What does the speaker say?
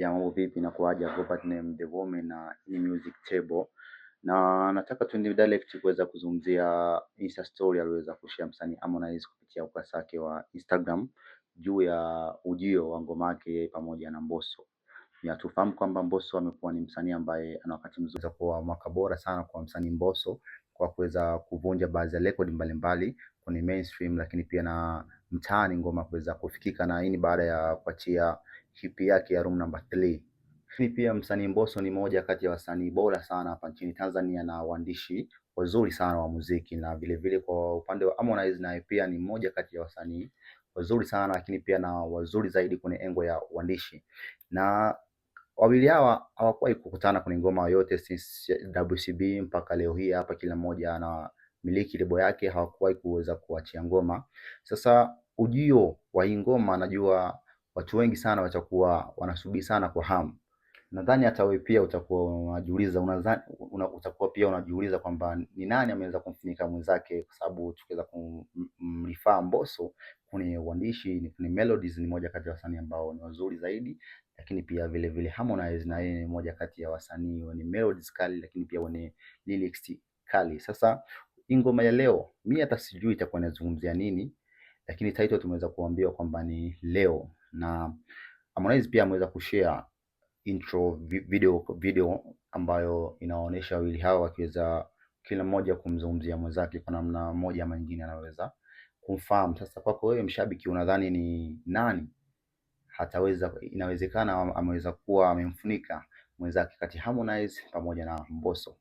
ya mambo vipi inakuaje hapo partner the woman uh, na hii music table na nataka tuende direct kuweza kuzungumzia Insta story aliweza kushare msanii Harmonize kupitia ukurasa wake wa Instagram juu ya ujio wa ngoma yake pamoja na Mbosso. Ya tufahamu kwamba Mbosso amekuwa ni msanii ambaye ana wakati mzuri kuwa mwaka bora sana kwa msanii Mbosso kwa kuweza kuvunja baadhi ya record mbalimbali kwenye mainstream, lakini pia na mtaani ngoma kuweza kufikika, na hii ni baada ya kuachia EP yake ya Room Number 3. Lakini pia msanii Mbosso ni moja kati ya wasanii bora sana hapa nchini Tanzania na waandishi wazuri sana wa muziki, na vile vile kwa upande wa Harmonize naye pia ni moja kati ya wasanii wazuri sana, lakini pia na wazuri zaidi kwenye engo ya uandishi na wawili hawa hawakuwahi kukutana kwenye ngoma yote since WCB mpaka leo hii. Hapa kila mmoja ana miliki lebo yake, hawakuwahi kuweza kuachia ngoma. Sasa ujio wa hii ngoma, najua watu wengi sana watakuwa wanasubiri sana kwa hamu. Nadhani hata wewe pia utakuwa unajiuliza unadhani una, utakuwa pia unajiuliza kwamba ni nani ameweza kumfunika mwenzake, kwa sababu tukiweza kumrifaa Mbosso kwenye uandishi, ni melodies, ni moja kati ya wasanii ambao ni wazuri zaidi, lakini pia vile vile Harmonize na yeye ni moja kati ya wasanii wenye melodies kali, lakini pia wenye lyrics kali. Sasa hii ngoma ya leo, mimi hata sijui itakuwa inazungumzia nini, lakini title tumeweza kuambiwa kwamba ni leo, na Harmonize pia ameweza kushare intro video, video ambayo inaonyesha wawili hawa wakiweza kila mmoja kumzungumzia mwenzake kwa namna moja ama nyingine, anaweza kumfahamu. Sasa kwako wewe mshabiki, unadhani ni nani hataweza? Inawezekana ameweza kuwa amemfunika mwenzake kati Harmonize pamoja na Mbosso.